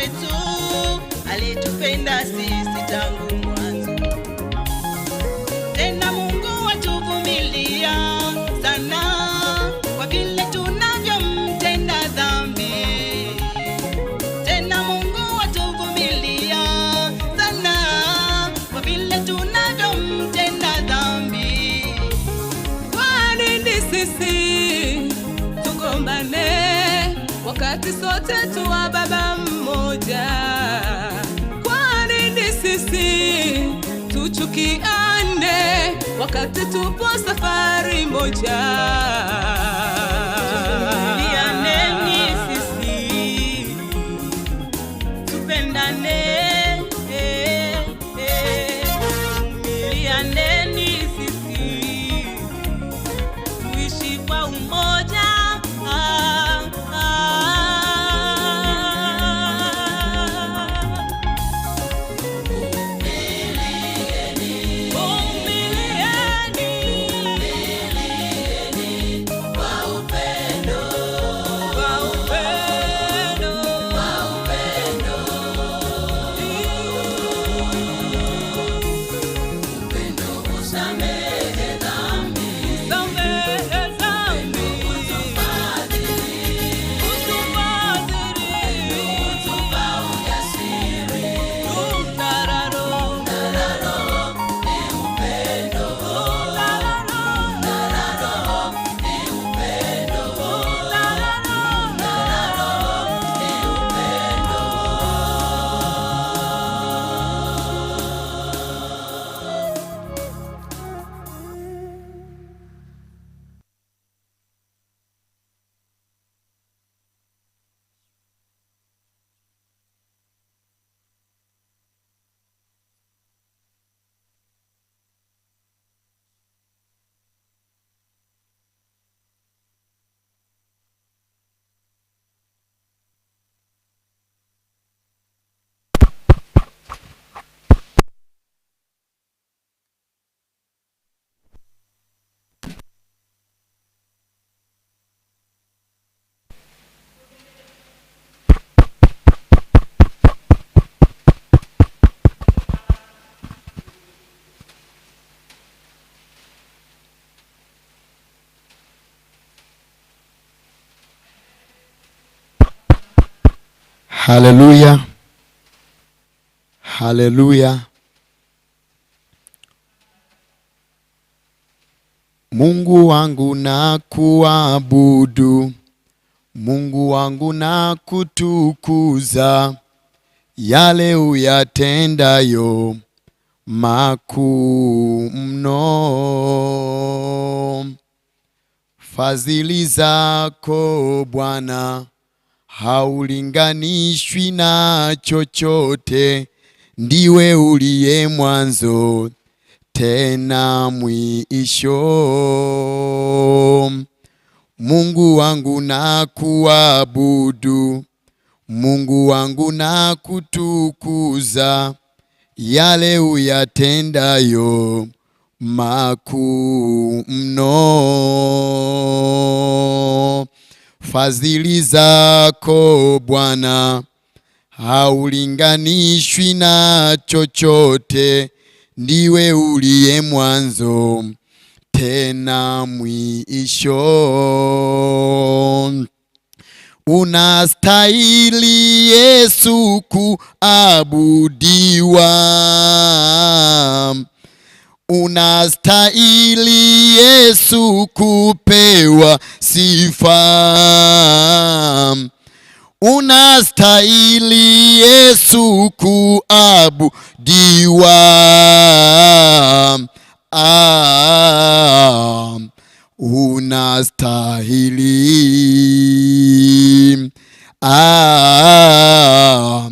wetu alitupenda si wakati tupo safari moja Haleluya, haleluya. Mungu wangu nakuabudu, Mungu wangu nakutukuza, yale uyatendayo makuu mno. Fadhili zako Bwana haulinganishwi na chochote, ndiwe uliye mwanzo tena mwisho. Mungu wangu na kuabudu, Mungu wangu na kutukuza, yale uyatendayo makuu mno. Fadhili zako Bwana haulinganishwi na chochote, ndiwe uliye mwanzo tena mwisho. Unastahili Yesu kuabudiwa. Unastahili Yesu kupewa sifa, unastahili Yesu kuabudiwa, ah, unastahili ah.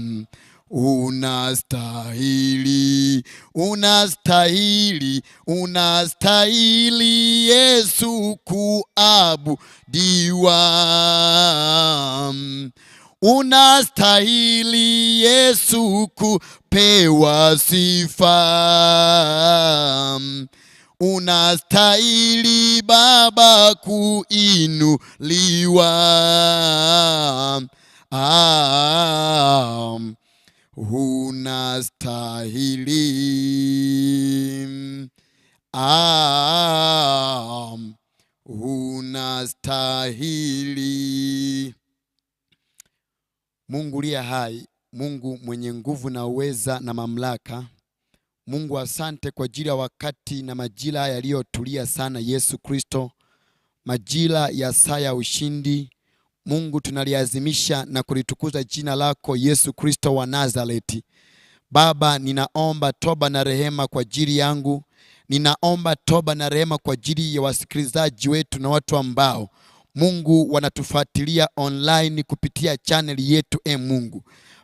Unastahili, unastahili, unastahili Yesu kuabudiwa. Unastahili Yesu kupewa sifa. Unastahili Baba kuinuliwa. Ah hunastahili, ah, hunastahili. Mungu liye hai, Mungu mwenye nguvu na uweza na mamlaka, Mungu asante kwa ajili ya wakati na majira yaliyotulia sana, Yesu Kristo, majira ya saa ya ushindi Mungu tunaliazimisha na kulitukuza jina lako Yesu Kristo wa Nazareti. Baba, ninaomba toba na rehema kwa ajili yangu. Ninaomba toba na rehema kwa ajili ya wasikilizaji wetu na watu ambao Mungu wanatufuatilia online kupitia chaneli yetu. E Mungu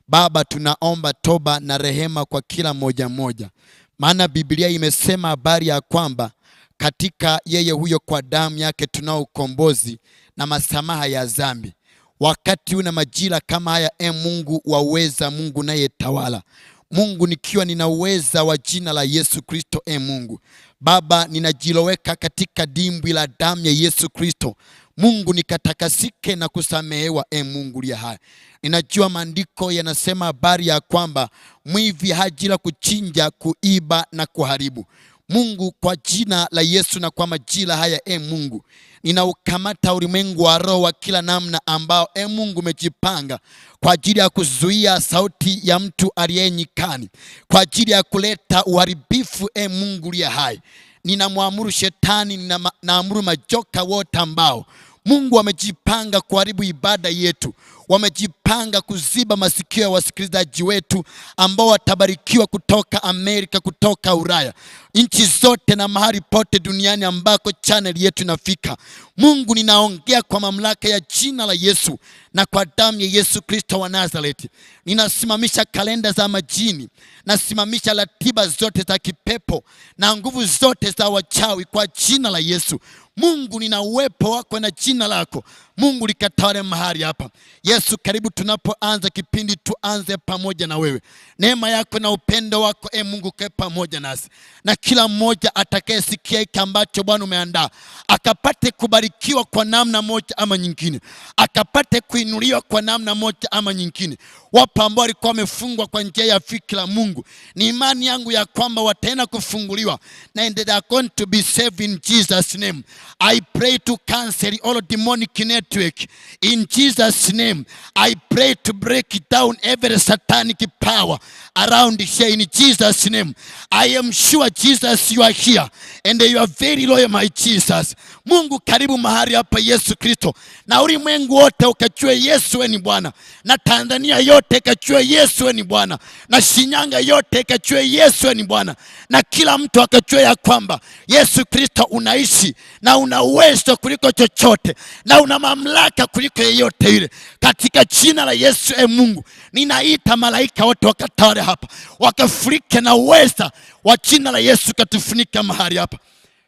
Baba, tunaomba toba na rehema kwa kila moja moja, maana Biblia imesema habari ya kwamba katika yeye huyo kwa damu yake tunao ukombozi na masamaha ya dhambi wakati una majira kama haya. E Mungu waweza, Mungu naye tawala Mungu, nikiwa nina uweza wa jina la Yesu Kristo. E Mungu Baba, ninajiloweka katika dimbwi la damu ya Yesu Kristo. Mungu nikatakasike na kusamehewa. E Mungu liya hai, ninajua maandiko yanasema habari ya kwamba mwivi hajira kuchinja, kuiba na kuharibu Mungu, kwa jina la Yesu na kwa majira haya, e Mungu, ninaukamata ulimwengu wa roho wa kila namna ambao, e Mungu, umejipanga kwa ajili ya kuzuia sauti ya mtu aliyenyikani kwa ajili ya kuleta uharibifu, e Mungu uliye hai. Ninamwamuru shetani, ninaamuru majoka wote ambao Mungu amejipanga kuharibu ibada yetu wamejipanga kuziba masikio ya wasikilizaji wetu ambao watabarikiwa kutoka Amerika, kutoka Ulaya, nchi zote na mahali pote duniani ambako chaneli yetu inafika. Mungu, ninaongea kwa mamlaka ya jina la Yesu na kwa damu ya Yesu Kristo wa Nazareti, ninasimamisha kalenda za majini, nasimamisha ratiba zote za kipepo na nguvu zote za wachawi kwa jina la Yesu. Mungu, nina uwepo wako na jina lako Mungu likatawale mahali hapa. Yesu, karibu tunapoanza kipindi, tuanze pamoja na wewe. Neema yako na upendo wako e Mungu kae pamoja nasi, na kila mmoja atakayesikia hiki ambacho Bwana umeandaa akapate kubarikiwa kwa namna moja ama nyingine, akapate kuinuliwa kwa namna moja ama nyingine. Wapo ambao walikuwa wamefungwa kwa njia ya fikra, Mungu, ni imani yangu ya kwamba wataenda kufunguliwa na they are going to be saved in Jesus name. I pray to cancel all demonic network. In Jesus' name, I pray to break down every satanic power around here. In Jesus' name, I am sure Jesus, you are here and you are very loyal, my Jesus. Mungu karibu mahali hapa Yesu Kristo, na ulimwengu wote ukachue Yesu ni Bwana, na Tanzania yote ikachue Yesu ni Bwana, na Shinyanga yote ikachue Yesu ni Bwana, na kila mtu akachue ya kwamba Yesu Kristo unaishi na una uwezo kuliko chochote na una mamlaka kuliko yeyote yule katika jina la Yesu. E Mungu, ninaita malaika wote wakatawale hapa, wakafurike na uweza wa jina la Yesu, katufunika mahali hapa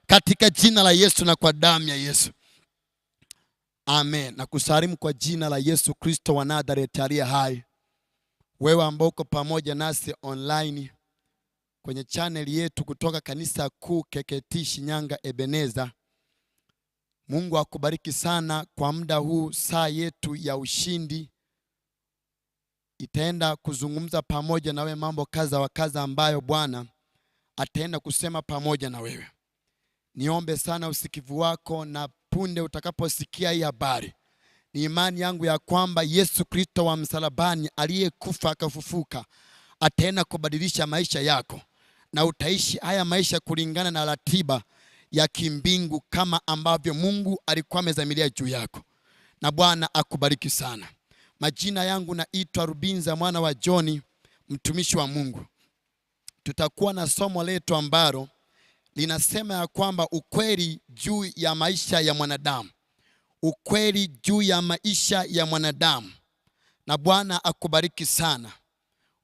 katika jina la Yesu na kwa damu ya Yesu. Amen. Na kusalimu kwa jina la Yesu Kristo wa Nazareti aliye hai. Wewe ambao uko pamoja nasi online kwenye chaneli yetu kutoka kanisa kuu KKKT Shinyanga Ebeneza. Mungu akubariki sana kwa muda huu. Saa yetu ya ushindi itaenda kuzungumza pamoja na wewe mambo kadha wa kadha ambayo Bwana ataenda kusema pamoja na wewe. Niombe sana usikivu wako, na punde utakaposikia hii habari, ni imani yangu ya kwamba Yesu Kristo wa msalabani aliyekufa akafufuka ataenda kubadilisha maisha yako na utaishi haya maisha kulingana na ratiba ya kimbingu kama ambavyo Mungu alikuwa amezamilia juu yako. Na Bwana akubariki sana. Majina yangu naitwa Rubinza mwana wa John, mtumishi wa Mungu. Tutakuwa na somo letu ambalo linasema ya kwamba ukweli juu ya maisha ya mwanadamu, ukweli juu ya maisha ya mwanadamu. Na Bwana akubariki sana.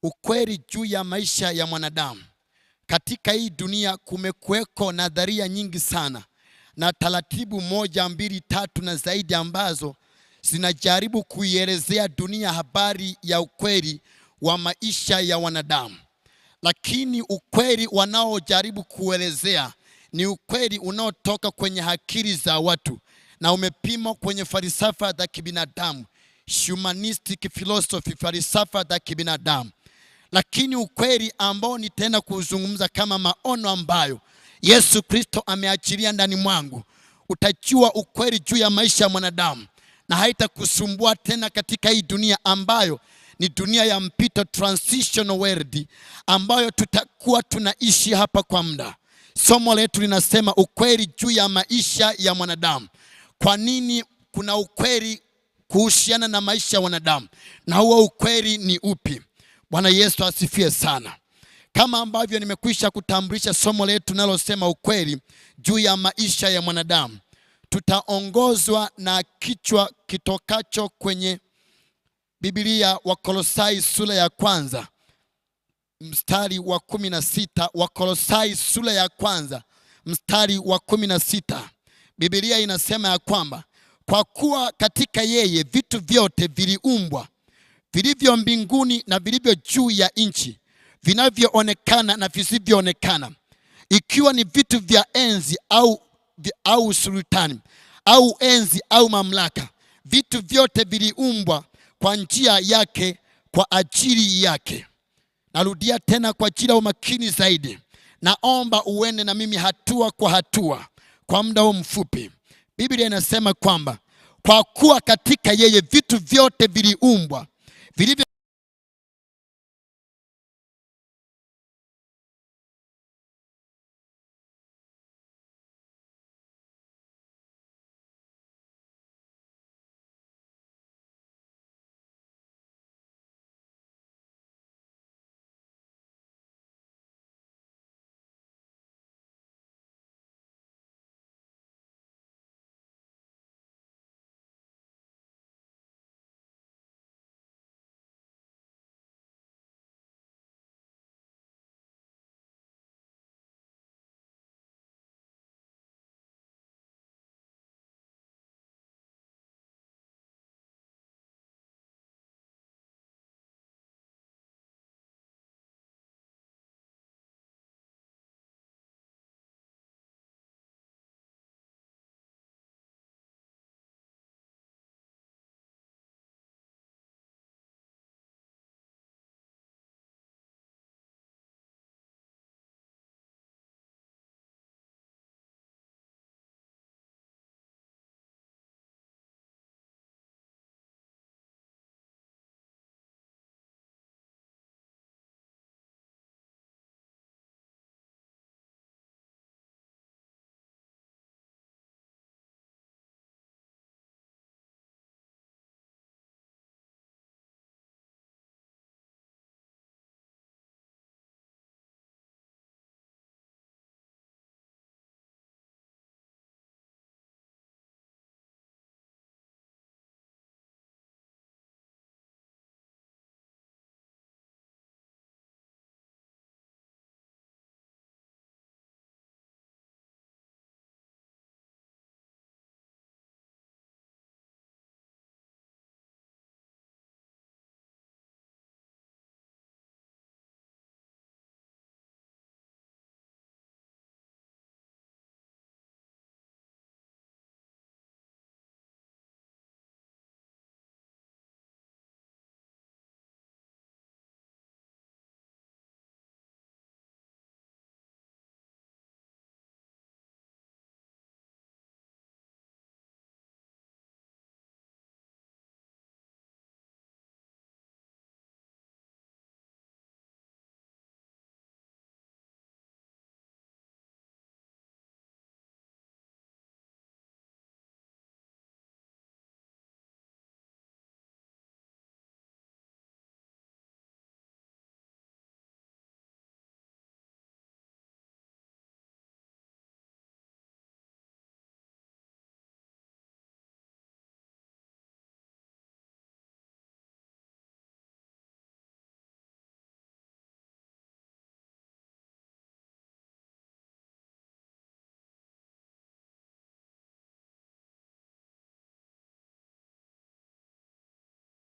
Ukweli juu ya maisha ya mwanadamu katika hii dunia kumekuweko nadharia nyingi sana na taratibu moja, mbili, tatu na zaidi ambazo zinajaribu kuielezea dunia habari ya ukweli wa maisha ya wanadamu, lakini ukweli wanaojaribu kuelezea ni ukweli unaotoka kwenye akili za watu na umepimwa kwenye falsafa za kibinadamu, humanistic philosophy, falsafa za kibinadamu lakini ukweli ambao nitaenda kuuzungumza kama maono ambayo Yesu Kristo ameachilia ndani mwangu, utajua ukweli juu ya maisha ya mwanadamu na haitakusumbua tena katika hii dunia ambayo ni dunia ya mpito, transitional world, ambayo tutakuwa tunaishi hapa kwa muda. Somo letu linasema ukweli juu ya maisha ya mwanadamu. Kwa nini kuna ukweli kuhusiana na maisha ya wanadamu, na huo ukweli ni upi? Bwana Yesu asifiwe sana. Kama ambavyo nimekwisha kutambulisha somo letu nalosema ukweli juu ya maisha ya mwanadamu, tutaongozwa na kichwa kitokacho kwenye Biblia, Wakolosai sura ya kwanza mstari wa kumi na sita. Wakolosai sura ya kwanza mstari wa kumi na sita. Biblia inasema ya kwamba kwa kuwa katika yeye vitu vyote viliumbwa vilivyo mbinguni na vilivyo juu ya nchi, vinavyoonekana na visivyoonekana, ikiwa ni vitu vya enzi au, au sultani au enzi au mamlaka. Vitu vyote viliumbwa kwa njia yake, kwa ajili yake. Narudia tena kwa ajili ya umakini zaidi. Naomba uende na mimi hatua kwa hatua kwa muda huu mfupi. Biblia inasema kwamba kwa kuwa katika yeye vitu vyote viliumbwa Филиппе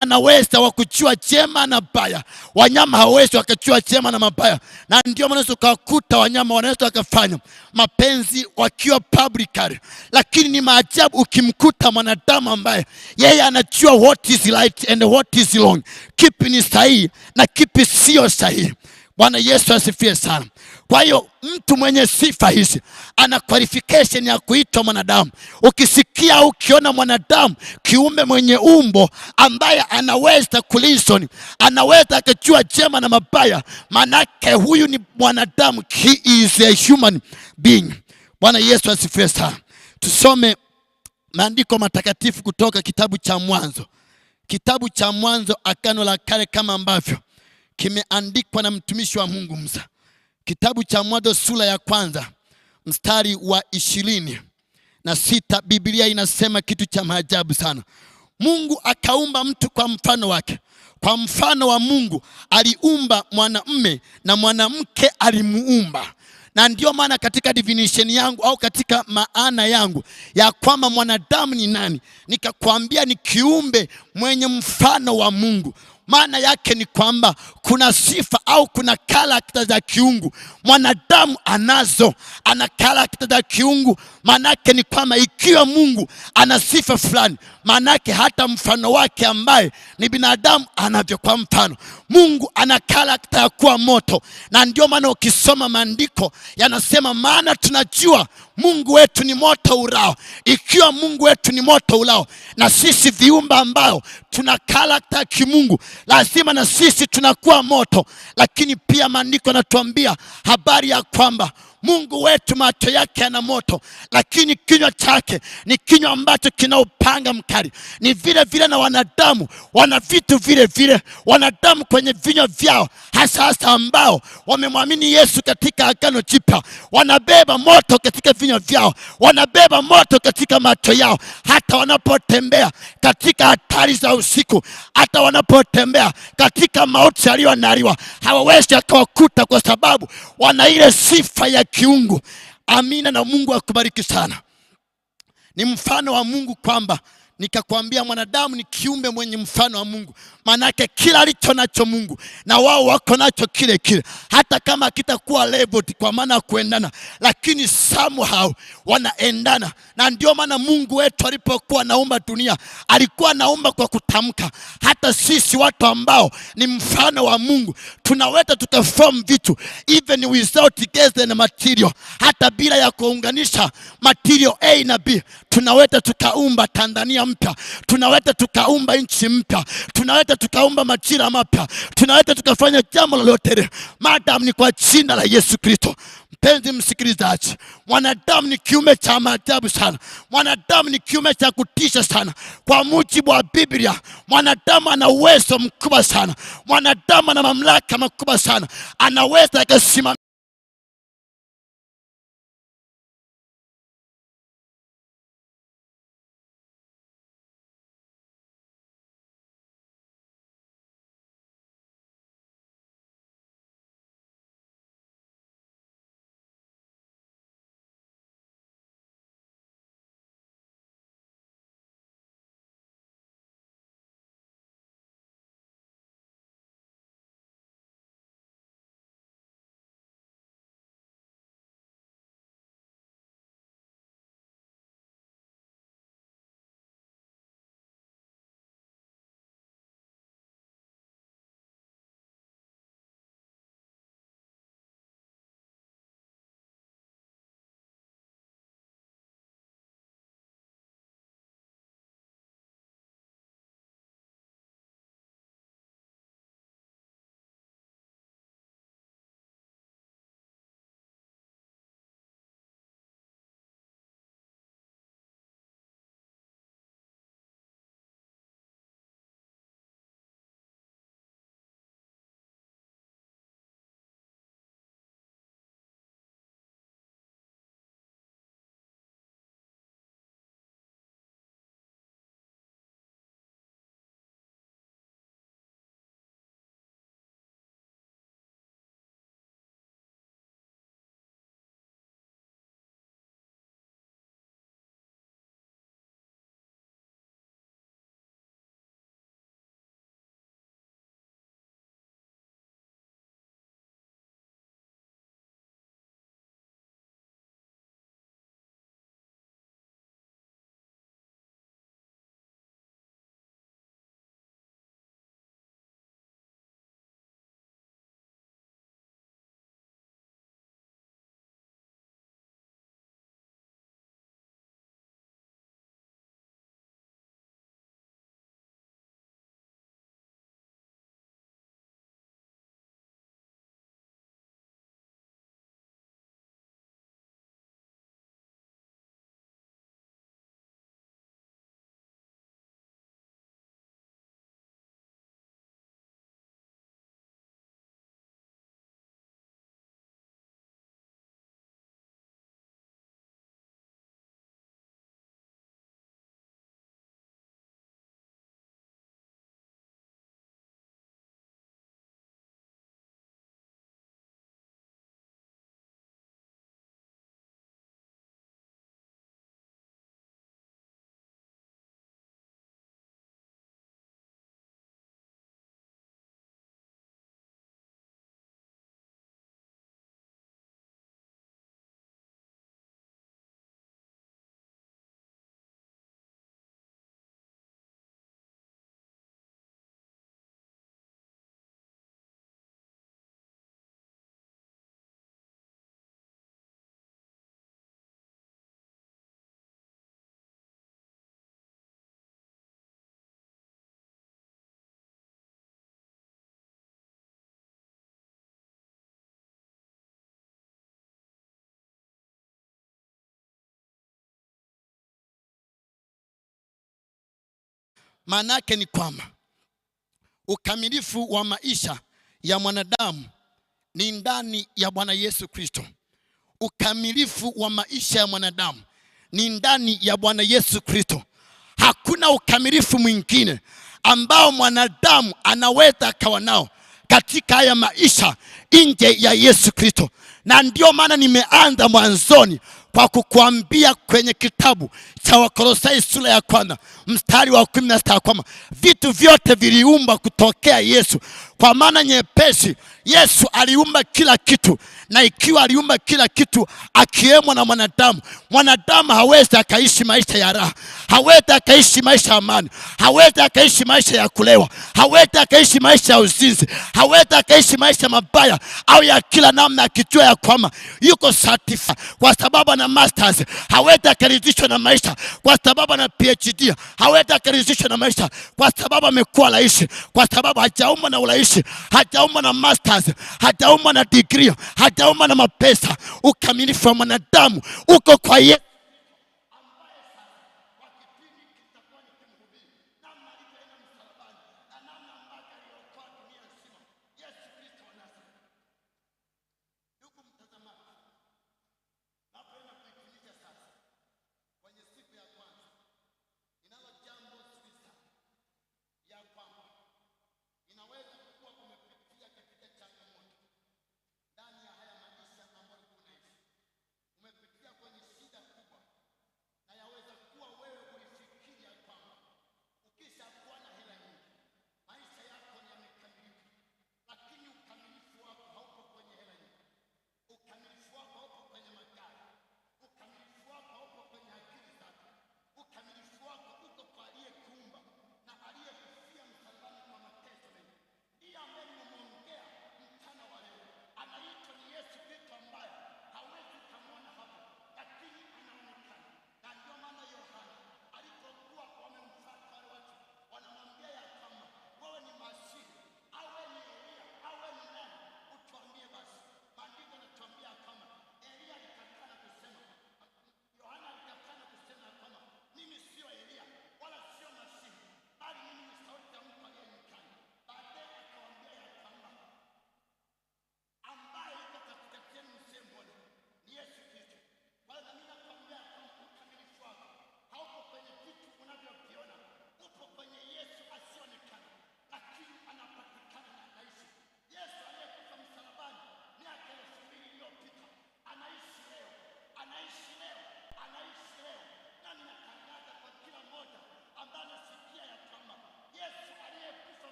anaweza wakuchua chema na baya. Wanyama hawawezi wakachua chema na mabaya, na ndio maana ukakuta wanyama wanaweza wakafanya mapenzi wakiwa publicly, lakini ni maajabu ukimkuta mwanadamu ambaye yeye anachua what is right and what is wrong, kipi ni sahihi na kipi sio sahihi. Bwana Yesu asifiwe sana. Kwa hiyo mtu mwenye sifa hizi ana qualification ya kuitwa mwanadamu. Ukisikia au ukiona mwanadamu kiumbe mwenye umbo ambaye anaweza kulison, anaweza akajua jema na mabaya, manake huyu ni mwanadamu, he is a human being. Bwana Yesu asifiwe sana. Tusome maandiko matakatifu kutoka kitabu cha Mwanzo, kitabu cha Mwanzo, Agano la Kale, kama ambavyo kimeandikwa na mtumishi wa Mungu Musa, kitabu cha Mwanzo sura ya kwanza mstari wa ishirini na sita. Biblia inasema kitu cha maajabu sana. Mungu akaumba mtu kwa mfano wake, kwa mfano wa Mungu aliumba mwanamume na mwanamke alimuumba. Na ndiyo maana katika definition yangu au katika maana yangu ya kwamba mwanadamu ni nani, nikakwambia ni kiumbe mwenye mfano wa Mungu. Maana yake ni kwamba kuna sifa au kuna karakta za kiungu mwanadamu anazo, ana karakta za kiungu. Maana yake ni kwamba ikiwa Mungu ana sifa fulani maanake hata mfano wake ambaye ni binadamu anavyo. Kwa mfano, Mungu ana karakta ya kuwa moto, na ndio maana ukisoma maandiko yanasema, maana tunajua Mungu wetu ni moto urao. Ikiwa Mungu wetu ni moto urao, na sisi viumba ambao tuna karakta ya kimungu, lazima na sisi tunakuwa moto. Lakini pia maandiko yanatuambia habari ya kwamba Mungu wetu macho yake yana moto, lakini kinywa chake ni kinywa ambacho kina upanga mkali. Ni vile vile na wanadamu wana vitu vile vile, wanadamu kwenye vinywa vyao hasa hasa ambao wamemwamini Yesu katika agano jipya, wanabeba moto katika vinywa vyao, wanabeba moto katika macho yao, hata wanapotembea katika hatari za usiku, hata wanapotembea katika mauti yaliyoandaliwa, hawawezi akawakuta kwa sababu wana ile sifa ya kiungu. Amina, na Mungu akubariki sana. Ni mfano wa Mungu kwamba nikakwambia mwanadamu ni kiumbe mwenye mfano wa Mungu, Maana yake kila alicho nacho Mungu na wao wako nacho kile kile, hata kama kitakuwa labeled kwa maana ya kuendana, lakini somehow wanaendana. Na ndio maana Mungu wetu alipokuwa naumba dunia alikuwa naumba kwa kutamka. Hata sisi watu ambao ni mfano wa Mungu tunaweza tukaform vitu even without gas and material, hata bila ya kuunganisha material A na B tunaweza tukaumba Tanzania mpya, tunaweza tukaumba nchi mpya, tunaweza tukaumba majira mapya, tunaweza tukafanya jambo lolote, madam ni kwa jina la Yesu Kristo. Mpenzi msikilizaji, mwanadamu ni kiume cha maajabu sana, mwanadamu ni kiume cha kutisha sana. Kwa mujibu wa Biblia, mwanadamu ana uwezo mkubwa sana, mwanadamu ana mamlaka makubwa sana, anaweza akasimama Maana yake ni kwamba ukamilifu wa maisha ya mwanadamu ni ndani ya Bwana Yesu Kristo. Ukamilifu wa maisha ya mwanadamu ni ndani ya Bwana Yesu Kristo. Hakuna ukamilifu mwingine ambao mwanadamu anaweza akawa nao katika haya maisha nje ya Yesu Kristo, na ndio maana nimeanza mwanzoni kwa kukuambia kwenye kitabu cha Wakolosai sura ya kwanza mstari wa kumi na sita kwamba vitu vyote viliumba kutokea Yesu. Kwa maana nyepesi, Yesu aliumba kila kitu, na ikiwa aliumba kila kitu akiwemo na mwanadamu, mwanadamu hawezi akaishi maisha ya raha, hawezi akaishi maisha ya amani, hawezi akaishi maisha ya kulewa, hawezi akaishi maisha ya uzinzi, hawezi akaishi maisha mabaya au ya kila namna, akijua ya kwamba yuko satifa kwa sababu na masters hawezi akaridhishwa na maisha, kwa sababu ana PhD. Hawezi akaridhishwa na maisha, kwa sababu amekuwa rais, kwa sababu hajaumwa na urais, hajaumwa na masters, hajaumwa na degree, hajaumwa na mapesa. Ukamilifu wa mwanadamu uko kwa Yesu.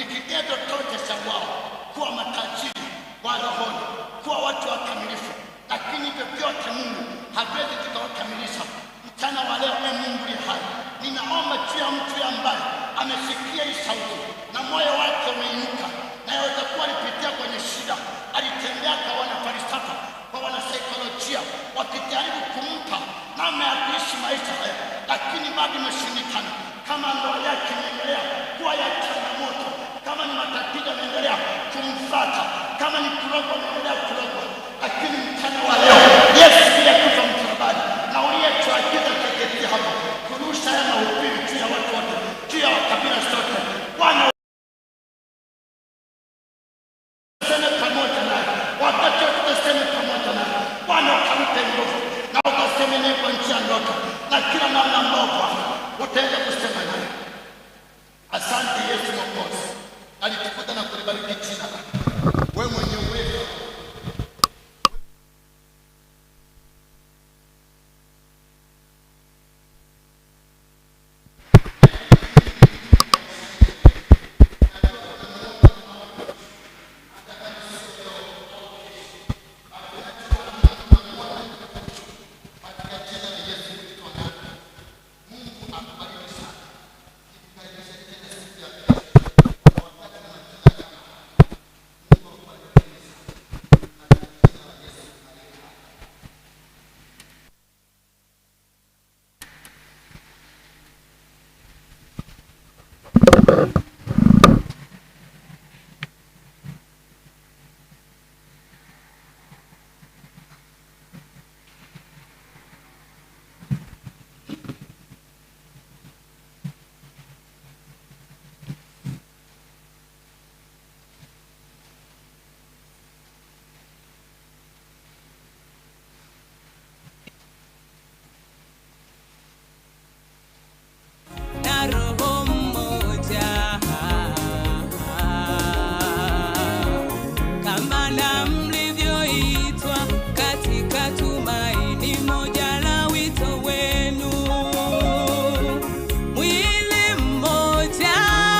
ni kigezo tote cha wao kuwa matajiri wa rohoni, kuwa watu wakamilifu. Lakini hivyo vyote Mungu hatuwezi tukawakamilisha mchana wa leo. E Mungu ni hai, ninaomba juu ya mtu ambaye amesikia hii sauti na moyo wake umeinuka, na yaweza kuwa alipitia kwenye shida, alitembea kwa wanafalsafa, kwa wanasaikolojia, wakijaribu kumpa namna ya kuishi maisha haya, lakini bado imeshindikana. Kama ndoa yake imeendelea kuwa yake kuendelea kumfata, kama ni program inaendelea program, lakini mchana wa leo